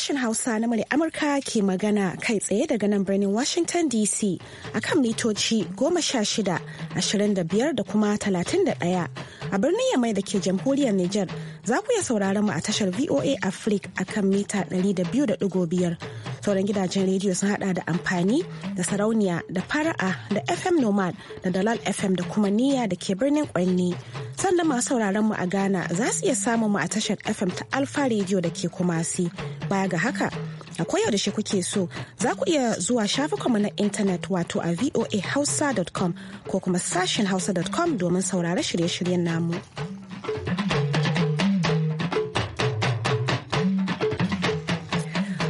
Sashen Hausa na murya Amurka ke magana kai tsaye daga nan birnin Washington DC akan mitoci goma sha shida, ashirin da da kuma talatin da ɗaya. A birnin Yamai da ke jamhuriyar Nijar za ku iya sauraron mu a tashar VOA Africa akan mita ɗari sauran gidajen rediyo sun hada da amfani da sarauniya da fara'a da fm nomad da dalal fm da kuma niyya da ke birnin kwanni sannan masu sauraron mu a ghana za su iya samun mu a tashar fm ta alfa rediyo da ke kumasi baya ga haka a koyar da shi kuke so za ku iya zuwa shafukanmu na intanet wato a voahausa.com ko kuma sashen hausa.com domin saurare shirye-shiryen namu.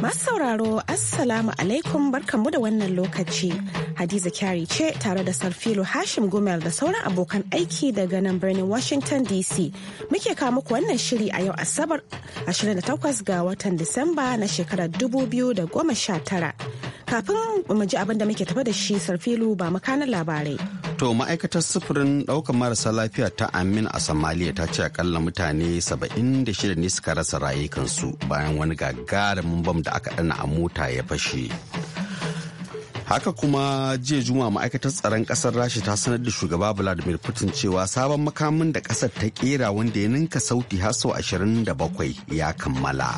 Masu sauraro, Assalamu alaikum barkanmu da wannan lokaci. Hadiza Kyari ce tare da Sarfilo Hashim Gumel da sauran abokan aiki daga nan birnin Washington DC. Muke kawo muku wannan shiri a yau Asabar 28 ga watan Disamba na shekarar 2019. Kafin mu ji abin da muke tafa da shi Sarfilo ba makanan labarai. To ma'aikatar sufurin ɗaukar marasa lafiya ta Amin a samaliya ta ce akalla mutane 76 ne suka rasa rayukansu bayan wani gagarumin bam da aka dana a mota ya fashe. Haka kuma jiya juma ma'aikatar tsaron ƙasar rashi ta sanar da shugaba Vladimir Putin cewa sabon makamin da ƙasar ta kera wanda ya ninka sauti har sau 27 ya kammala.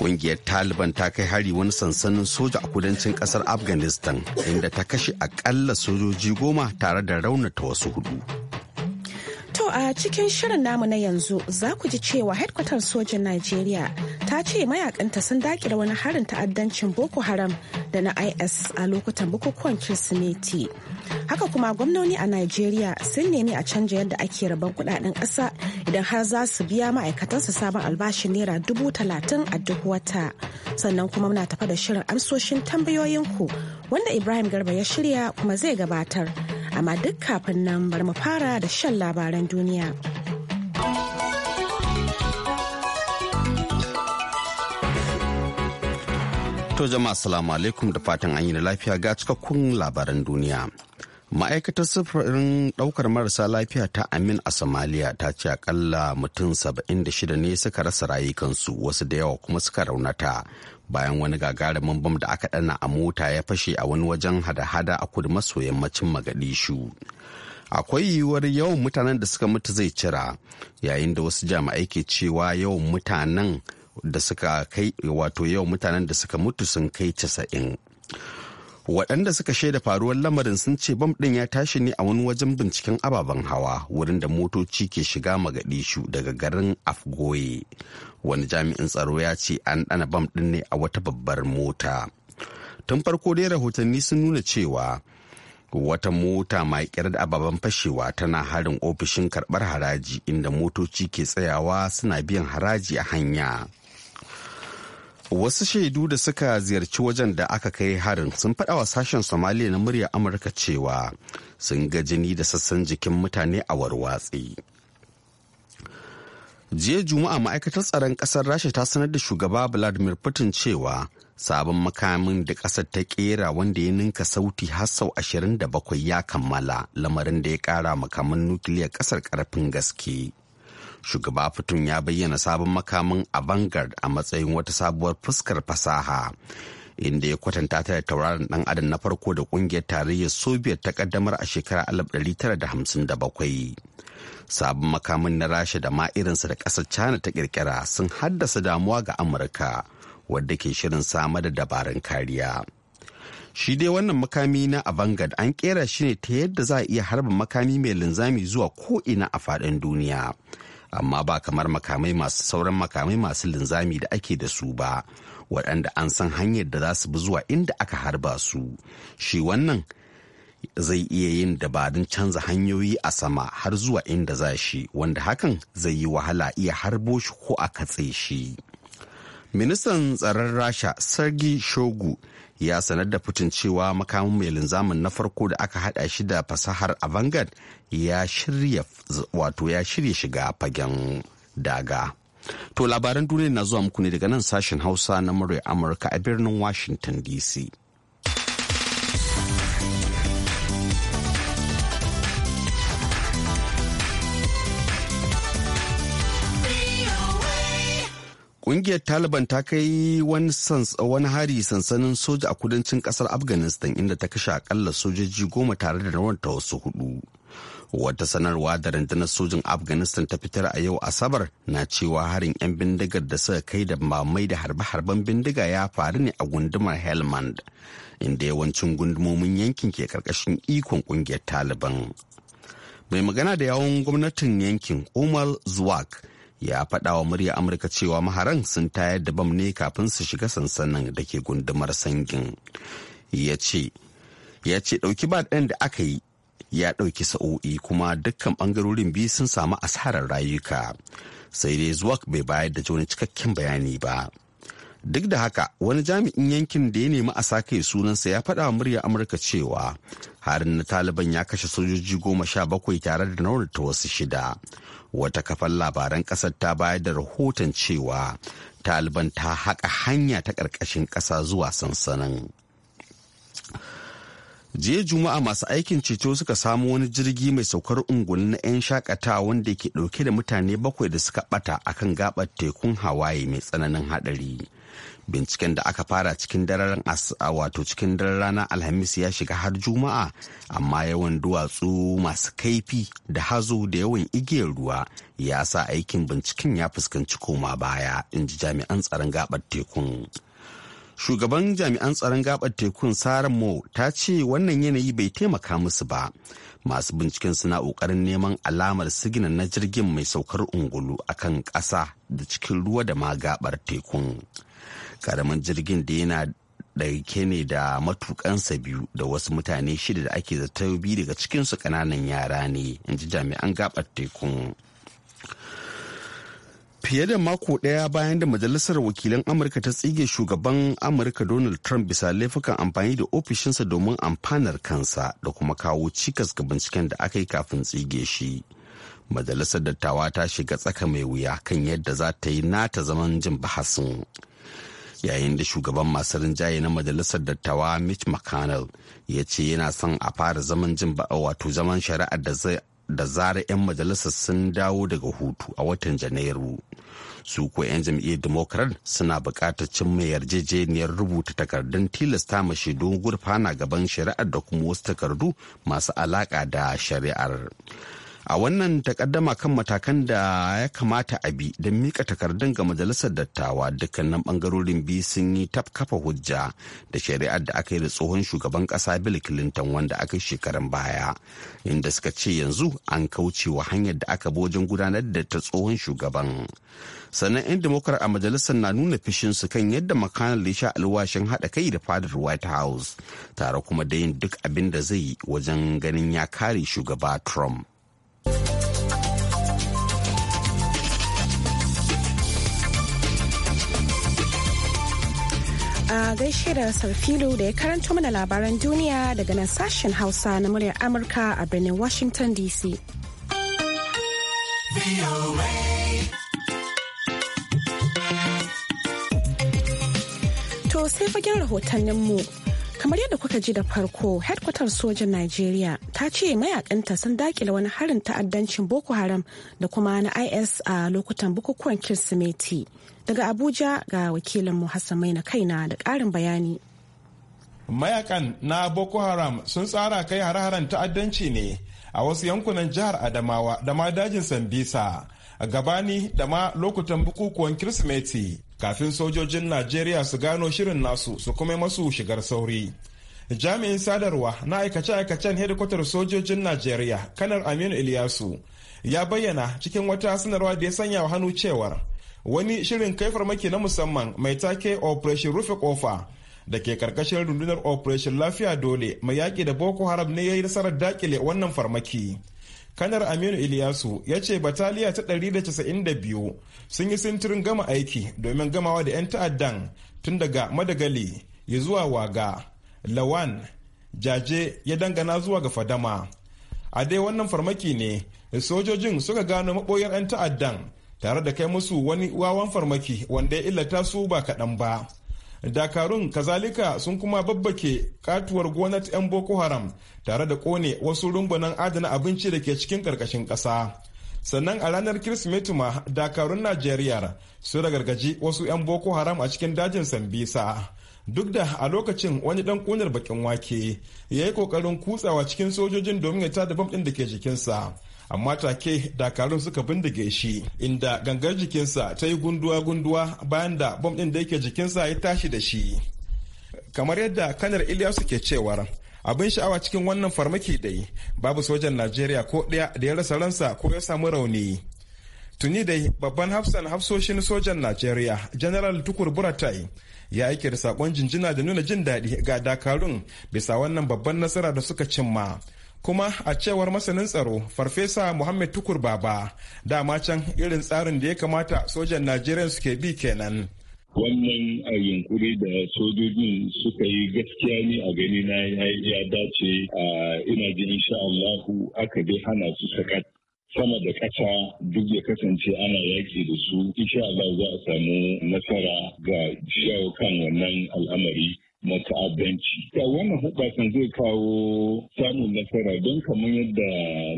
Kungiyar Taliban ta kai hari wani sansanin soja a kudancin kasar Afghanistan inda ta kashe akalla sojoji goma tare da raunata wasu hudu. To a cikin shirin namu na yanzu za ku ji cewa hedkwatar sojin Najeriya ta ce mayakanta sun dakira wani harin ta'addancin Boko Haram da na IS a lokutan bukukuwan Kirsimeti. Haka kuma gwamnoni a Najeriya sun nemi a canja yadda ake rabon kudaden ƙasa idan har za su biya ma'aikatansu sabon albashin naira dubu talatin a duk wata. Sannan kuma muna tafa da shirin amsoshin tambayoyinku wanda Ibrahim Garba ya shirya kuma zai gabatar. amma duk kafin nan bari mu fara da shan labaran duniya. To jama'a salamu alaikum da fatan an yi da lafiya ga cikakkun labaran duniya. Ma'aikatar sufurin ɗaukar marasa lafiya ta Amin a Somalia ta ce akalla mutum shida ne suka rasa rayukansu wasu da yawa kuma suka raunata bayan wani gagarumin bam da aka dana a mota ya fashe a wani wajen hada-hada a kudu maso yammacin magadishu akwai yiwuwar yawan mutanen da suka mutu zai cira yayin da wasu jami'ai ke cewa yawan mutanen da suka kai wato yawan mutanen da suka mutu sun kai casa'in waɗanda suka shaida faruwar lamarin sun ce bam ɗin ya tashi ne a wani wajen binciken ababen hawa wurin da motoci ke shiga magadishu daga garin afgoye wani jami'in tsaro ya ce an ɗana bam ɗin ne a wata babbar mota tun farko dai rahotanni sun nuna cewa wata mota mai da ababen fashewa tana harin ofishin karɓar haraji inda motoci ke tsayawa suna biyan haraji a hanya wasu shaidu da suka ziyarci wajen da aka kai harin sun faɗa wa sashen somaliya na murya amurka cewa sun ga jini da sassan jikin mutane a warwatsi. jiya juma'a ma'aikatar tsaron ƙasar rasha ta sanar da shugaba vladimir putin cewa sabon makamin da ƙasar ta ƙera wanda ya ninka sauti har sau 27 ya kammala lamarin da ya ƙara makamin nukiliyar ƙasar ƙarfin gaske shugaba fitun ya bayyana sabon makamin avangard a matsayin wata sabuwar fuskar fasaha. inda ya kwatanta ta da tauraron dan adam na farko da kungiyar tarayyar soviet ta kaddamar a shekarar 1957 sabon makamin na rasha da ma irinsa da kasar china ta kirkira sun haddasa damuwa ga amurka wadda ke shirin samar da dabarun kariya shi dai wannan makami na avangard an kera shi ne ta yadda za a iya harba makami mai linzami zuwa ko'ina a faɗin duniya amma ba kamar makamai masu sauran makamai masu linzami da ake da su ba waɗanda an san hanyar da za su bi zuwa inda aka harba su shi wannan zai iya yin dabarun canza hanyoyi a sama har zuwa inda za shi wanda hakan zai yi wahala iya harbo shi ko a katse shi ministan tsaron rasha sergi shogu ya sanar da Putin cewa makamin mai linzamin na farko da aka hada shi da fasahar avangard ya shirya wato ya shirya shiga fagen daga. To labaran duniya na zuwa muku ne daga nan sashen Hausa na murya Amurka a birnin Washington DC. Ƙungiyar Taliban ta kai wani hari sansanin soja a kudancin kasar Afghanistan inda ta kashe akalla sojoji goma tare da ta wasu hudu. Wata sanarwa da rundunar sojin Afghanistan ta fitar a yau Asabar na cewa harin 'yan bindigar da suka kai da mamai da harbe-harben bindiga ya faru ne a gundumar Helmand, inda yawancin gundumomin yankin ke karkashin ikon ƙungiyar Taliban. Mai magana da yawon gwamnatin yankin Umar Zuwak ya faɗa wa murya amurka cewa maharan sun tayar da bam ne kafin su shiga sansanin da ke gundumar sangin ya ce ya ce ɗauki ba ɗan da aka yi ya ɗauki sa'o'i kuma dukkan ɓangarorin biyu sun samu asarar rayuka sai dai zuwa bai bayar da wani cikakken bayani ba duk da haka wani jami'in yankin da ya nemi a sake sunansa ya faɗa wa murya amurka cewa harin na taliban ya kashe sojoji goma sha bakwai tare da ta wasu shida wata kafar labaran ƙasar ta bayar da rahoton cewa taliban ta haƙa hanya ta ƙarƙashin ƙasa zuwa sansanin jiya juma'a masu aikin ceto suka samu wani jirgi mai saukar ungulu na 'yan shakatawa wanda ke ɗauke da mutane bakwai da suka ɓata akan gaɓar tekun hawaii mai tsananin haɗari. binciken da aka fara cikin daren wato cikin daren ranar alhamis ya shiga har juma'a amma yawan duwatsu masu kaifi da hazo da yawan igiyar ruwa ya sa aikin binciken ya fuskanci koma baya in ji jami'an tsaron gabar tekun shugaban jami'an tsaron gabar tekun saran mo ta ce wannan yanayi bai taimaka musu ba masu binciken suna ƙoƙarin neman alamar sigina na jirgin mai saukar ungulu akan ƙasa da cikin ruwa da ma gabar tekun karamin jirgin da yana dauke ne da matukansa biyu da wasu mutane shida da ake zata biyu daga cikinsu kananan yara ne in ji jami'an gabar tekun fiye da mako ɗaya bayan da majalisar wakilan amurka ta tsige shugaban amurka donald trump bisa laifukan amfani da ofishinsa domin amfanar kansa da kuma kawo cikas ga binciken da aka yi kafin tsige shi majalisar dattawa ta shiga tsaka mai wuya kan yadda za ta yi nata zaman jin bahasin yayin da shugaban masu rinjaye na majalisar dattawa mitch mcconnell ya ce yana son a fara zaman jin wato zaman shari'ar da zara 'yan majalisar sun dawo daga hutu a watan janairu su ko 'yan jam'iyyar democrat suna cin cimma yarjejeniyar rubuta takardun tilasta mashi don gurfana gaban shari'ar da kuma wasu takardu masu alaka da shari'ar a wannan takaddama kan matakan da ya kamata a bi don mika takardun ga majalisar dattawa dukkanin bangarorin biyu sun yi tafkafa hujja da shari'ar da aka yi da tsohon shugaban kasa bill clinton wanda aka yi shekaran baya inda suka ce yanzu an kauce wa hanyar da aka bi wajen gudanar da ta tsohon shugaban sannan 'yan democrat a majalisar na nuna fishin su kan yadda mcconnell ya sha alwashin haɗa kai da fadar white house tare kuma da yin duk abin da zai yi wajen ganin ya kare shugaba trump a gaishe da sarfilu da ya karanto mana labaran duniya daga nan sashen hausa na muryar amurka a birnin washington dc to sai fagen mu. kamar yadda kuka ji da farko headquarter sojan nigeria ta ce mayakanta sun dakile wani harin ta'addancin boko haram da kuma na is a lokutan bukukuwan kirsimeti daga abuja ga wakilinmu hassan maina kaina da ƙarin bayani mayakan na boko haram sun tsara kai hare-haren ta'addanci ne a wasu yankunan jihar adamawa da ma dajin sambisa gabani da ma lokutan bukukuwan kirsimeti kafin sojojin najeriya su gano shirin nasu su kuma masu shigar sauri jami'in sadarwa na aikace-aikacen hedikwatar sojojin najeriya kanar aminu iliyasu ya bayyana cikin wata sanarwa da ya sanya wa hannu cewar wani shirin kai farmaki na musamman mai take operation rufe kofa da ke karkashin rundunar operation lafiya dole mai yaƙi da boko haram ne ya yi nasarar dakile wannan farmaki kanar aminu iliyasu ya ce bataliya ta 192 sun yi sintirin gama aiki domin gamawa da 'yan ta'addan tun daga madagali ya zuwa waga lawan jaje ya dangana zuwa ga fadama a dai wannan farmaki ne sojojin suka gano maboyar 'yan ta'addan tare da kai musu wani wawan farmaki wanda ya illata su ba kaɗan ba dakarun kazalika sun kuma babbake katuwar gonar 'yan boko haram tare da kone wasu rumbunan adana abinci da ke cikin karkashin ƙasa sannan a ranar kirsimeti ma dakarun najeriya sun ragargaji wasu 'yan boko haram a cikin dajin sambisa duk da a lokacin wani dan kunar bakin wake ya yi kokarin kutsawa cikin sojojin domin ya tada bam din da ke jikinsa amma take dakarun suka bindige shi inda gangar jikinsa ta yi gunduwa-gunduwa bayan da bom ɗin da yake jikinsa ya tashi da shi kamar yadda kanar ilyasu ke cewar abin sha'awa cikin wannan farmaki dai babu sojan najeriya ko ɗaya da ya rasa ransa ko ya samu rauni tuni dai babban hafsan hafsoshin sojan najeriya general tukur buratai ya aike da sakon jinjina da nuna jin daɗi ga dakarun bisa wannan babban nasara da suka cimma kuma a cewar masanin tsaro farfesa muhammed tukur baba dama can irin tsarin da ya kamata sojan najeriya suke bi kenan wannan a yunkuri da sojojin suka yi gaskiya ne a gani na ya dace a ina jini insha aka dai hana su sakat sama da ƙasa duk ya kasance ana yaki da su insha Allah za a samu nasara ga shawo kan wannan al'amari na ta'addanci. Ga wannan hubasan zai kawo samun nasara don kamar yadda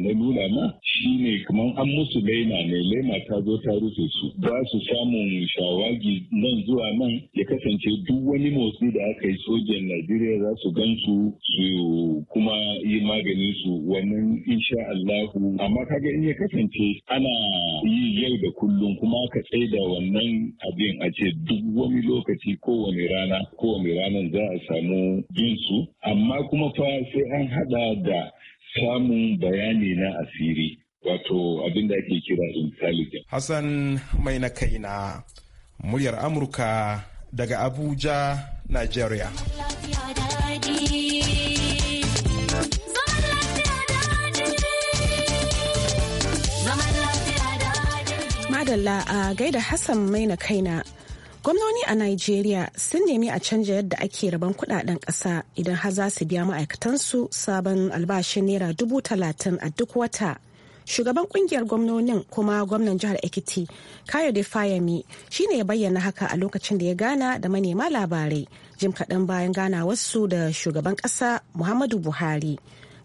na nuna ma shi ne kamar an musu laima ne laima ta zo ta rufe su ba su samun shawagi nan zuwa nan ya kasance duk wani motsi da aka yi sojan Najeriya za su gan su su kuma yi magani su wannan insha Allahu amma kaga in ya kasance ana yi yau da kullum kuma aka tsaida wannan abin a ce duk wani lokaci kowane rana kowane ranar za a samu jinsu amma kuma fa sai an hada da samun bayani na asiri wato abin da ake kira intelligence. Hassan mai na kaina muryar Amurka daga Abuja, Nigeria. Madalla a gaida Hassan mai na kaina. Gwamnoni a Najeriya sun nemi a canja yadda ake rabon kudaden ƙasa idan har za su biya ma'aikatansu sabon albashin naira dubu talatin a duk wata. Shugaban kungiyar gwamnonin kuma gwamnan jihar Ekiti, Kayode Fayami, shi ne ya bayyana haka a lokacin da ya gana da manema labarai jim kaɗan bayan gana wasu da shugaban ƙasa Muhammadu Buhari.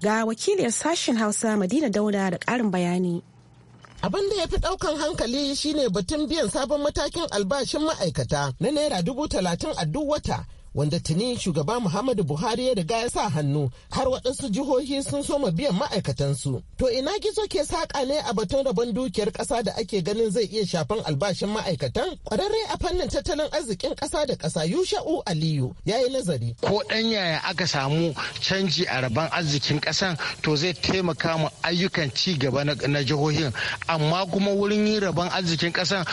Ga wakiliyar sashen Hausa Madina Dauda da ƙarin bayani. Abin da ya fi daukan hankali shine batun biyan sabon matakin albashin ma'aikata na Naira dubu talatin a duk wata wanda tuni shugaba Muhammadu Buhari ya riga ya sa hannu har waɗansu jihohi sun soma biyan ma'aikatansu. To ina gizo ke saƙa ne a batun rabon dukiyar ƙasa da ake ganin zai iya shafan albashin ma'aikatan? Ƙwararre a fannin tattalin arzikin ƙasa da ƙasa Yusha'u Aliyu ya yi nazari. Ko ɗan yaya aka samu canji a rabon arzikin ƙasan to zai taimaka mu ayyukan ci gaba na jihohin amma kuma wurin yin rabon arzikin ƙasan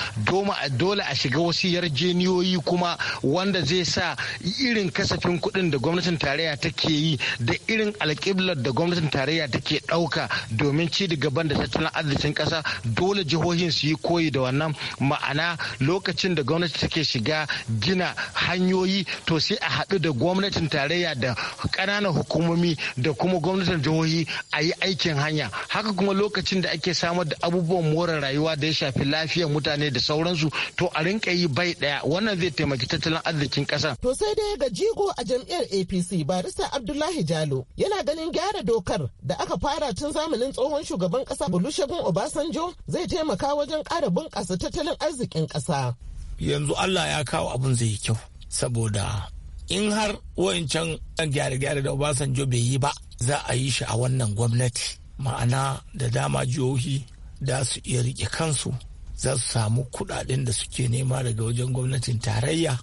dole a shiga wasu yarjeniyoyi kuma wanda zai sa irin kasafin kuɗin da gwamnatin tarayya take yi da irin alƙiblar da gwamnatin tarayya take ɗauka domin ci da gaban da tattalin arzikin ƙasa dole jihohin su yi koyi da wannan ma'ana lokacin da gwamnati take shiga gina hanyoyi to sai a haɗu da gwamnatin tarayya da ƙananan hukumomi da kuma gwamnatin jihohi a yi aikin hanya haka kuma lokacin da ake samar da abubuwan more rayuwa da ya shafi lafiyar mutane da sauransu to a rinka yi bai ɗaya wannan zai taimaki tattalin arzikin ƙasa. to sai dai ga jigo a jam'iyyar apc barista abdullahi jalo yana ganin gyara dokar da aka fara tun zamanin tsohon shugaban ƙasa olusegun obasanjo zai taimaka wajen ƙara bunƙasa tattalin arzikin ƙasa. yanzu allah ya kawo abun zai yi kyau saboda in har wancan gyare-gyare da Obasanjo bai yi ba za a yi shi a wannan gwamnati ma'ana da dama jihohi da su iya rike kansu za su samu kudaden da suke nema daga wajen gwamnatin tarayya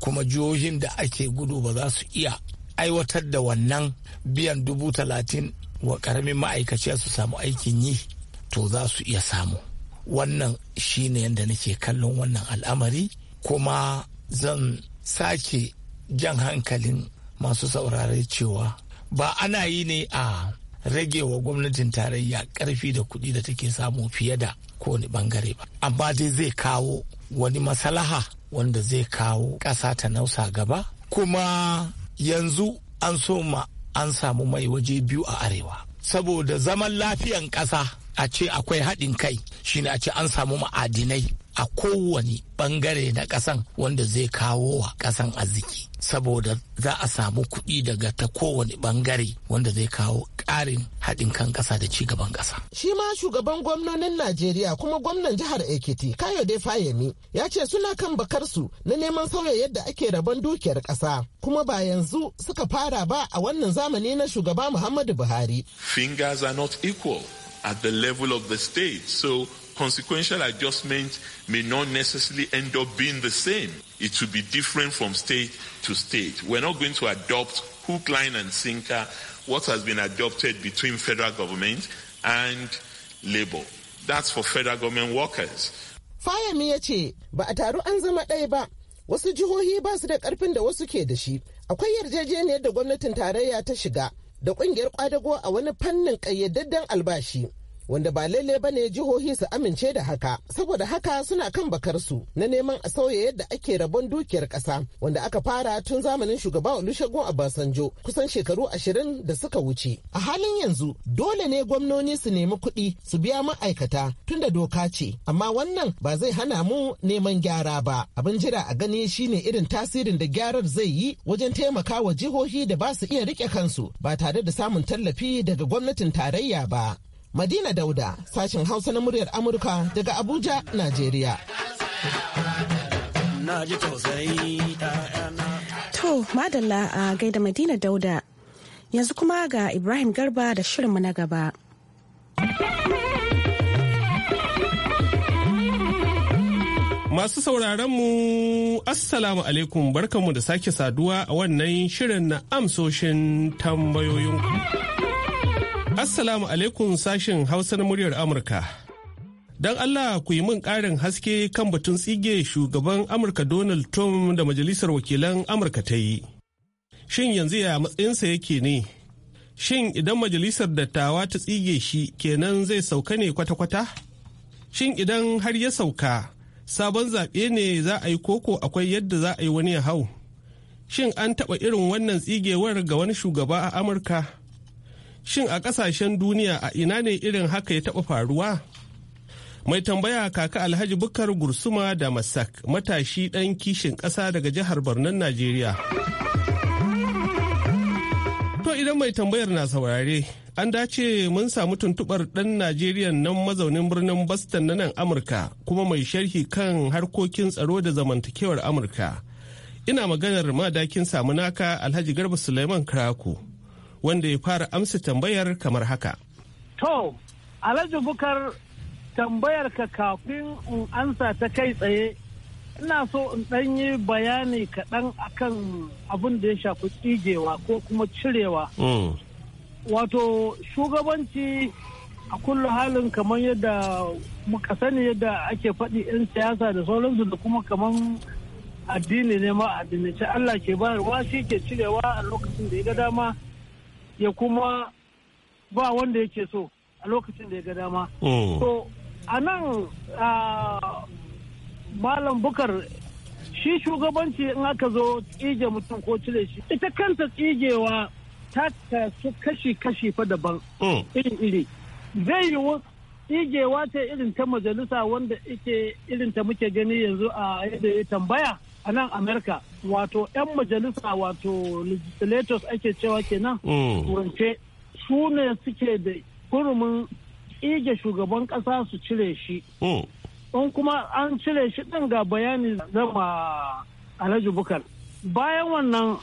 kuma jihohin da ake gudu ba za su iya aiwatar da wannan biyan dubu talatin wa karamin ma'aikaciya su samu aikin yi to za su iya samu wannan shine yadda nake kallon wannan al'amari kuma zan sake jan hankalin masu saurare cewa ba ana yi ne a rage wa gwamnatin tarayya karfi da kuɗi da take samu fiye da kowane bangare ba amma dai zai kawo wani masalaha wanda zai kawo ƙasa ta nausa gaba kuma yanzu an so ma an samu mai waje biyu a arewa saboda zaman lafiyan ƙasa a ce akwai haɗin kai shine a ce an samu ma'adinai a kowane bangare na kasan wanda zai kawo wa kasan arziki saboda za a samu kuɗi daga ta kowane bangare wanda zai kawo ƙarin haɗin kan ƙasa da ci gaban ƙasa. Shi ma shugaban gwamnonin Najeriya kuma gwamnan jihar Ekiti Kayode Fayemi ya ce suna kan bakarsu na neman sauya yadda ake rabon dukiyar ƙasa kuma ba yanzu suka fara ba a wannan zamani na shugaba Muhammadu Buhari. Fingers are not equal at the level of the state so consequential adjustment may not necessarily end up being the same. It will be different from state to state. We're not going to adopt hook, line, and sinker what has been adopted between federal government and labor. That's for federal government workers. Fire me ce ba a taru an zama ɗaya ba, wasu jihohi ba su da ƙarfin da wasu ke da shi. Akwai yarjejeniyar da gwamnatin tarayya ta shiga da ƙungiyar ƙwadago a wani fannin ƙayyadadden albashi. wanda ba lalle ba ne jihohi su amince da haka saboda haka suna kan bakarsu na neman a sauya yadda ake rabon dukiyar kasa wanda aka fara tun zamanin shugaba a basanjo kusan shekaru ashirin da suka wuce a halin yanzu dole ne gwamnoni su nemi kuɗi su biya ma'aikata tun da doka ce amma wannan ba zai hana mu neman gyara ba abin jira a gani shine irin tasirin da gyarar zai yi wajen taimaka wa jihohi da ba su iya rike kansu ba tare da samun tallafi daga gwamnatin tarayya ba Madina Dauda, sashen Hausa na muryar Amurka daga Abuja, Najeriya. To, madalla a gaida Madina Dauda. Yanzu kuma ga Ibrahim Garba da shirinmu na gaba. Masu sauraronmu, Assalamu alaikum barkanmu da sake saduwa a wannan shirin na amsoshin tambayoyinku. Assalamu alaikum sashen Hausa na muryar Amurka. Don Allah ku yi min ƙarin haske kan batun tsige shugaban Amurka Donald Trump da Majalisar Wakilan Amurka ta yi. Shin yanzu ya matsayinsa yake ne? Shin idan Majalisar Dattawa ta tsige shi kenan zai sauka ne kwata-kwata? Shin idan har ya sauka, sabon zaɓe ne za a yi koko akwai yadda za a yi wani ya hau? Shin an taɓa irin wannan tsigewar ga wani shugaba a Amurka? Shin a ƙasashen duniya a ina ne irin haka ya taɓa faruwa? Mai tambaya kaka Alhaji Bukar Gursuma da Masak matashi ɗan kishin ƙasa daga jihar Barnan Najeriya. To idan mai tambayar na saurare, an dace mun samu tuntubar ɗan Najeriya nan mazaunin birnin Boston na nan Amurka kuma mai sharhi kan harkokin tsaro da zamantakewar Amurka. Ina maganar madakin naka Alhaji Garba Suleiman Kraku. wanda ya fara amsa tambayar kamar haka. To, Alhaji Bukar tambayar ka kafin in ansa ta kai tsaye, ina so in ɗan yi bayani kaɗan akan abin da ya shafi tsigewa ko kuma cirewa. Mm. Wato, shugabanci a kullum halin kamar yadda muka sani yadda ake faɗi 'yan siyasa da sauransu da kuma kamar addini ne ma addinance Allah ke bayarwa shi ke cirewa a lokacin da ya ga dama ya kuma ba wanda yake so a lokacin da ya ga dama. Mm. So a nan malam bukar shi shugabanci in aka zo tsige mutum ko cire shi ita kanta tsigewa ta kasu kashi-kashi fa daban irin mm. iri zai yiwu tsigewa ta irin ta majalisa wanda ike irin ta muke gani yanzu a yadda ya tambaya a nan amerika wato 'yan majalisa wato legislators ake cewa kenan mm. turance su ne suke da kurumin ige shugaban kasa su cire shi mm. in kuma an cire shi ɗin ga bayani zama alhaji bukar bayan wannan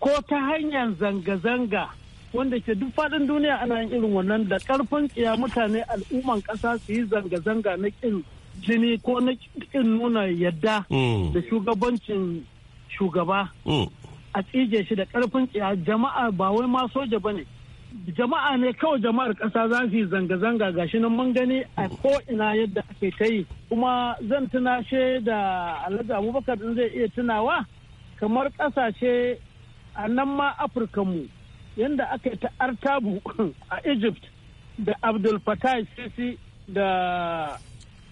ko ta hanyar zanga-zanga wanda ke duk faɗin duniya ana yin irin wannan da karfin tsiya mutane al'umman ƙasa su yi zanga-zanga na ƙin jini ko na nuna yadda mm. da shugabancin shugaba mm. a tsige shi da karfin tsiya jama'a ba wai ma soja ba ne jama'a ne kawai jama'ar ƙasa za su yi zanga-zanga ga shi nan mun gani a ko'ina yadda ake ta yi kuma zan tuna shi da alhaji abubakar zai iya tunawa kamar ƙasashe a nan ma afirka mu yadda aka ta artabu a egypt da abdul fatah sisi da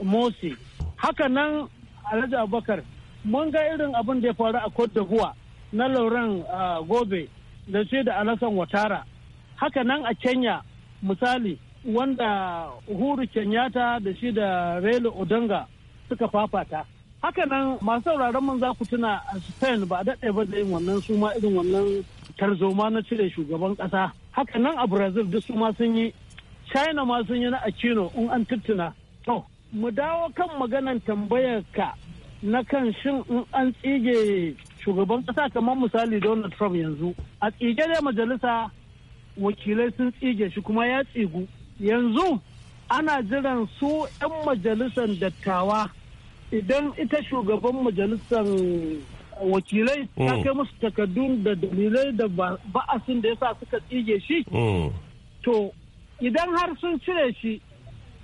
mose Haka nan Alhaji Abubakar mun ga irin abin da ya faru a Cote d'Ivoire na Lauren ah, Gobe da shi da Alasan Watara. Haka nan a Kenya misali wanda huru Kenyatta da shi da Raila Odinga suka fafata. Haka nan masu sauraron mun za ku tuna a Spain ba a daɗe ba da yin wannan su ma irin wannan tarzoma na cire shugaban ƙasa. Haka nan a Brazil duk su ma sun yi. China ma sun yi na Aquino in an tuttuna. To, mu dawo kan maganan tambayar ka na kan shin in an tsige shugaban kasa kamar misali Donald Trump yanzu a tsige da majalisa wakilai sun tsige shi kuma ya tsigu yanzu ana jiran su 'yan majalisar dattawa idan ita shugaban majalisar eh, wakilai ta mm. kai musu takardun da dalilai da ba'asin da yasa suka tsige shi mm. to idan har sun cire shi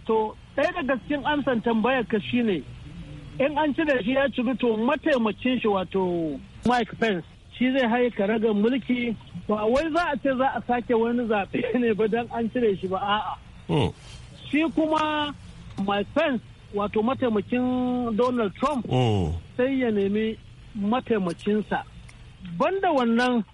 to ɗaya daga cikin amsan tambayar ka shine in an cire shi ya ci to mataimakin shi wato Mike Pence shi zai haye raga mulki ba wai za a ce za a sake wani zaɓe ne ba don an cire shi ba a'a. Hmm. Shi kuma Mike Pence wato mataimakin Donald Trump hmm. sai ya nemi mataimakinsa. Banda wannan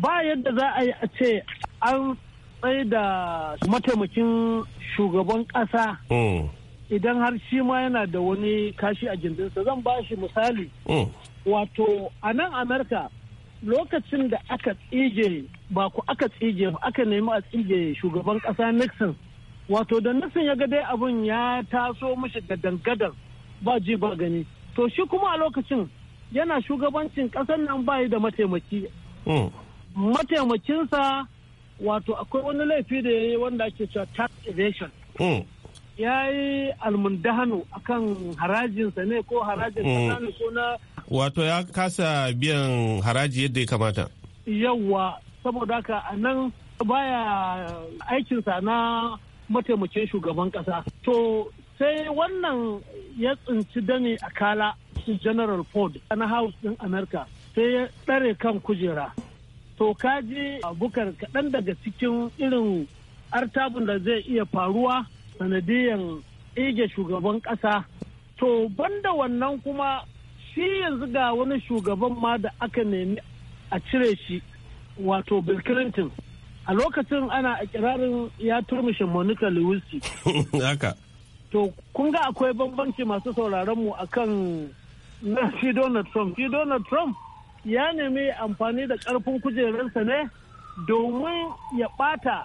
ba yadda za a yi a ce an tsaye da mataimakin shugaban ƙasa hmm. idan har shi ma yana da wani kashi a gindinsa zan ba shi misali hmm. wato a nan amurka lokacin da aka tsige ba ku aka tsige aka nemi a tsige shugaban ƙasa nixon wato da nixon ya ga dai abin ya taso mashi da dangadar ba ji ba gani to shi kuma a lokacin yana shugabancin ƙasar nan bayi da mataimaki hmm. mataimakinsa wato akwai wani laifi da ya yi wanda ake cewa tax evasion hmm. ya yi almundahano akan harajinsa ne ko harajin kasa hmm. ne ko na wato ya kasa biyan haraji yadda ya kamata yawa saboda haka a nan baya aikinsa na mataimakin shugaban kasa to sai wannan ya tsinci dani a kala general ford na house ɗin america sai ya tsare kan kujera to ka kaji bukar kaɗan daga cikin irin artabun da zai iya faruwa sanadiyar ige shugaban ƙasa to banda wannan kuma shi yanzu ga wani shugaban ma da aka nemi a cire shi wato bill clinton a lokacin ana ikirarin ya turmushe monica lewinsky haka to kun ga akwai bambanci masu sauraron mu akan na shi donald trump shi donald trump ya nemi amfani da ƙarfin kujerarsa ne domin ya ɓata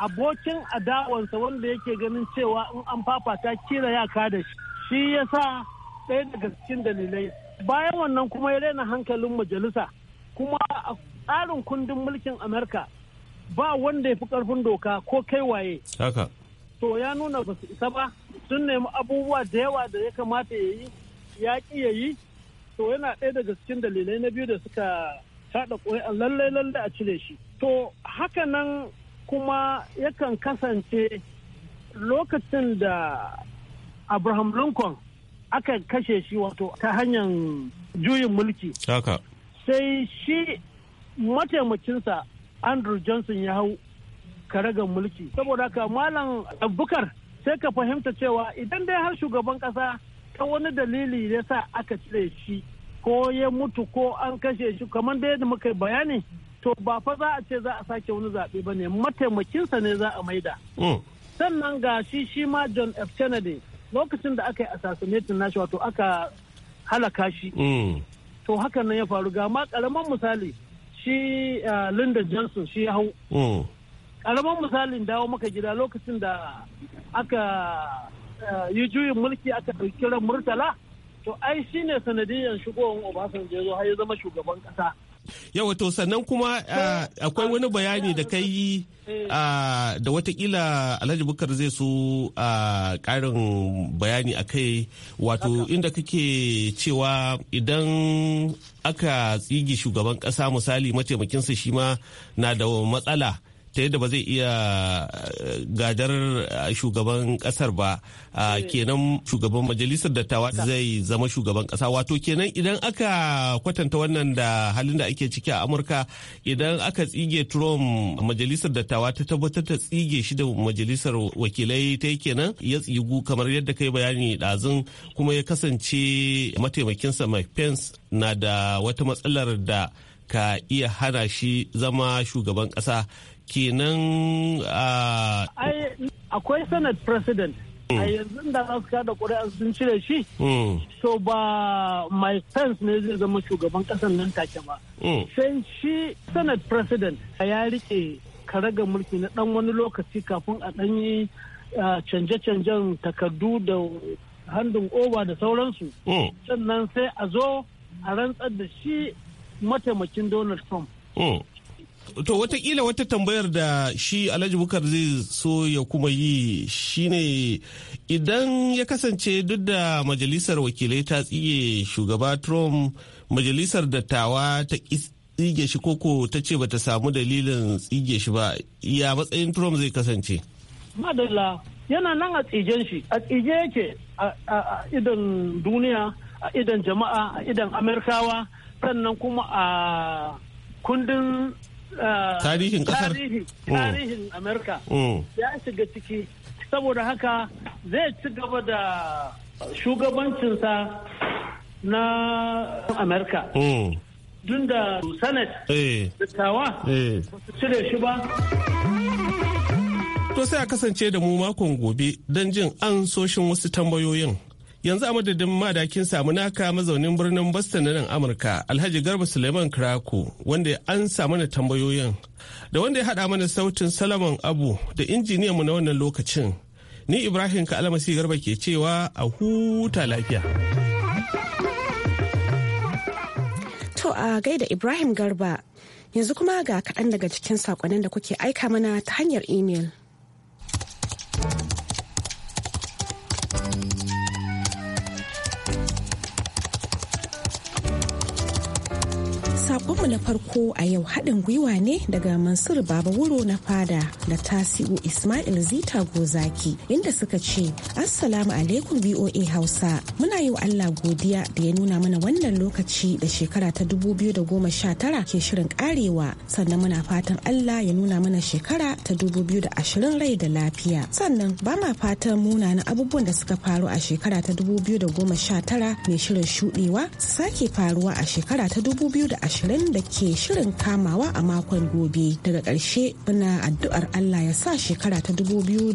abokin adawansa wanda yake ganin cewa in an fafata kira ya da shi shi ya sa ɗaya daga cikin dalilai bayan wannan kuma ya daina hankalin majalisa kuma a tsarin kundin mulkin amurka ba wanda ya fi karfin doka ko kai waye to ya nuna ba su isa ba sun nemi abubuwa da yawa da ya kamata ya yi ya ƙi ya yi to yana ɗaya daga cikin dalilai na biyu da suka kaɗa a lallai lallai a cire shi to haka nan kuma yakan kasance lokacin da abraham lincoln aka kashe shi wato ta hanyar juyin mulki haka sai shi mataimakinsa andrew johnson ya hau karagar mulki saboda haka malam abubakar sai ka fahimta cewa idan dai har shugaban kasa ta wani dalili ya sa aka cire shi ko ya mutu ko an kashe shi kamar da yadda muka bayani to ba fa za a ce za a sake wani zaɓe ba ne mataimakinsa ne za a maida. Hmm. Sannan ga shi shi ma John F. Kennedy lokacin da aka yi na nashi wato aka halaka shi. Hmm. To hakan nan ya faru ga ma karaman misali shi uh, Linda Johnson shi ya hau. karaman hmm. misalin dawo maka gida lokacin da aka yi juyin mulki aka ɗauki kiran murtala to ai shi ne sanadiyyar shigowar obasanjo zo har ya zama shugaban kasa. yau to sannan kuma ah, akwai wani bayani da ka yi eh. ah, da watakila alhaji bukar zai so karin ah, bayani akai wato inda kake cewa idan aka tsigi shugaban kasa misali mataimakinsa shi ma na da matsala ta yadda ba zai iya eh, gadar eh, shugaban kasar ba kenan shugaban majalisar dattawa zai zama shugaban kasa wato kenan idan aka kwatanta wannan da halin da ake ciki a amurka idan aka tsige trump majalisar dattawa ta tabbatar ta tsige shi da majalisar wakilai ta kenan ya tsigu kamar yadda kai bayani ɗazun kuma ya kasance mataimakinsa mike pence na da wata matsalar da ka iya hana shi zama shugaban kasa. kenan a akwai senate president hmm. a yanzu da za su kada kuri'a sun cire shi hmm. so ba my sense ne zai zama shugaban kasan nan take ba hmm. sai shi senate president ya rike karaga mulki na dan wani lokaci kafin a dan yi canje-canjen takardu da handin over da sauransu sannan sai a zo a rantsar da shi mataimakin donald trump to watakila wata tambayar da shi alhaji bukar zai so ya kuma yi shine idan ya kasance duk da majalisar wakilai ta tsige shugaba trump majalisar dattawa ta tsige shi koko ta ce bata samu dalilin tsige shi ba ya matsayin trump zai kasance madalla yana nan a tsigen shi a tsige yake a idan duniya a idan jama'a a idan amurkawa sannan kuma a kundin Uh, tarihin kasar tarihin oh. amerika oh. ya shiga ciki saboda haka zai ci gaba da shugabancinsa na amerika oh. dun da senate eh. dattawa eh. su cire shi ba to sai a kasance da mu makon gobe don jin an soshin wasu tambayoyin yanzu a madadin madakin samu naka mazaunin birnin boston na nan amurka alhaji garba suleiman krako wanda an samu na tambayoyin da wanda ya haɗa mana sautin salaman abu da injiniyanmu na wannan lokacin ni ibrahim ka alamasi garba ke cewa a huta lafiya to a gaida ibrahim garba yanzu kuma ga kaɗan daga cikin saƙonin da kuke aika mana ta hanyar imel. Mu na farko a yau haɗin gwiwa ne daga Mansur Baba Wuro na fada da Tasi'u Ismail Zita Gozaki inda suka ce Assalamu alaikum VOA Hausa. Muna wa Allah godiya da ya nuna mana wannan lokaci da shekara ta 2019 ke shirin karewa sannan muna fatan Allah ya nuna mana shekara ta 2020 rai da lafiya. Sannan ba ma fatan munanan abubuwan da suka faru a shekara ta 2019 mai shirin shuɗewa su sake faruwa a shekara ta 2020 zaben da ke shirin kamawa a makon gobe daga ƙarshe muna addu'ar allah ya sa shekara ta 2020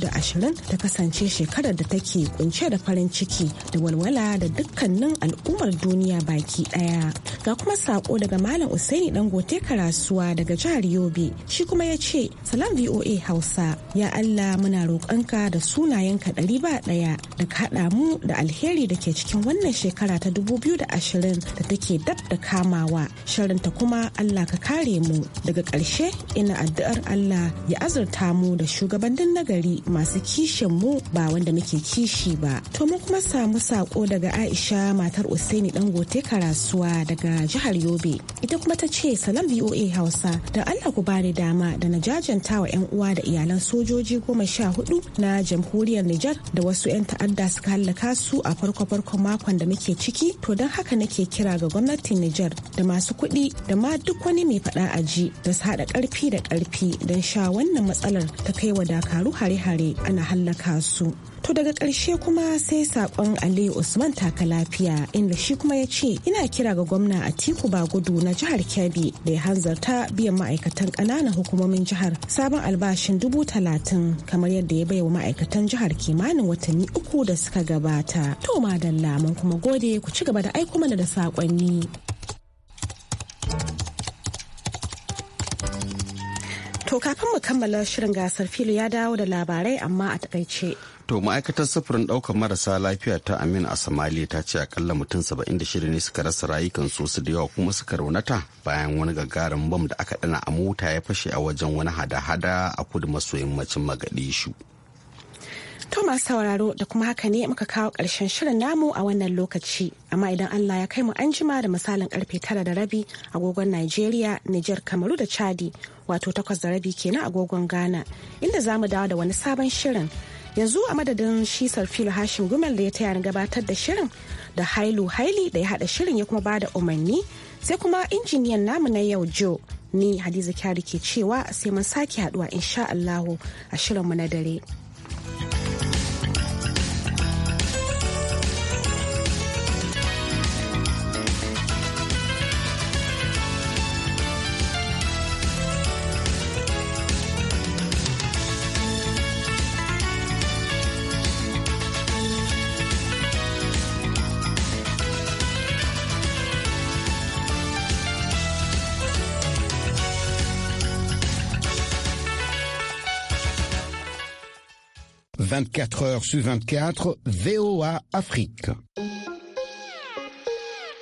ta kasance shekarar da take kunshe da farin ciki da walwala da dukkanin al'ummar duniya baki ɗaya ga kuma sako daga malam usaini dangote karasuwa daga jihar yobe shi kuma ya ce salam voa hausa ya allah muna roƙonka da sunayenka ɗari ba ɗaya da ka haɗa mu da alheri da ke cikin wannan shekara ta 2020 da take dab da kamawa shirin ta kuma Allah ka kare mu daga ƙarshe ina addu'ar Allah ya azurta mu da shugabannin nagari masu kishin mu ba wanda muke kishi ba to mu kuma samu sako daga Aisha matar Usaini Dangote Karasuwa daga jihar Yobe ita kuma ta ce salam VOA Hausa da Allah ku bani dama da na jajanta wa 'yan uwa da iyalan sojoji goma sha hudu na jamhuriyar Nijar da wasu 'yan ta'adda suka hallaka su a farko-farkon makon da muke ciki to don haka nake kira ga gwamnatin Nijar da masu kuɗi da ma duk wani mai faɗa a ji da su haɗa ƙarfi da ƙarfi don sha wannan matsalar ta kai wa dakaru hare-hare ana hallaka su. To daga ƙarshe kuma sai saƙon Aliyu Usman taka lafiya inda shi kuma ya ce ina kira ga gwamna Atiku Bagudu na jihar Kebbi da ya hanzarta biyan ma'aikatan ƙananan hukumomin jihar sabon albashin dubu talatin kamar yadda ya baiwa ma'aikatan jihar kimanin watanni uku da suka gabata. To madalla mun kuma gode ku ci gaba da aiko mana da saƙonni. To kafin mu kammala shirin gasar filo ya dawo da labarai amma a takaice. To ma'aikatar sufurin daukar marasa lafiya ta Amin a Somalia ta ce akalla mutum saba'in da 76 ne suka rasa rayukansu su da yawa kuma suka raunata bayan wani gagarin bam da aka dana a mota ya fashe a wajen wani hada-hada a kudu maso yammacin Magadishu. To masu sauraro da kuma haka ne muka kawo ƙarshen shirin namu a wannan lokaci. Amma idan Allah ya kai mu an jima da misalin karfe tara da rabi agogon nigeria niger Kamaru da Chadi wato takwas da rabi kenan agogon Ghana inda za mu dawo da wani sabon shirin. Yanzu a madadin shi Sarfilu Hashim Gumel da ya taya gabatar da shirin da Hailu Haili da ya haɗa shirin ya kuma ba da umarni sai kuma injiniyan namu na yau Joe ni Hadiza Kyari ke cewa sai mun sake haɗuwa insha Allahu a shirinmu na dare. 24 heures sur 24, VOA Afrique.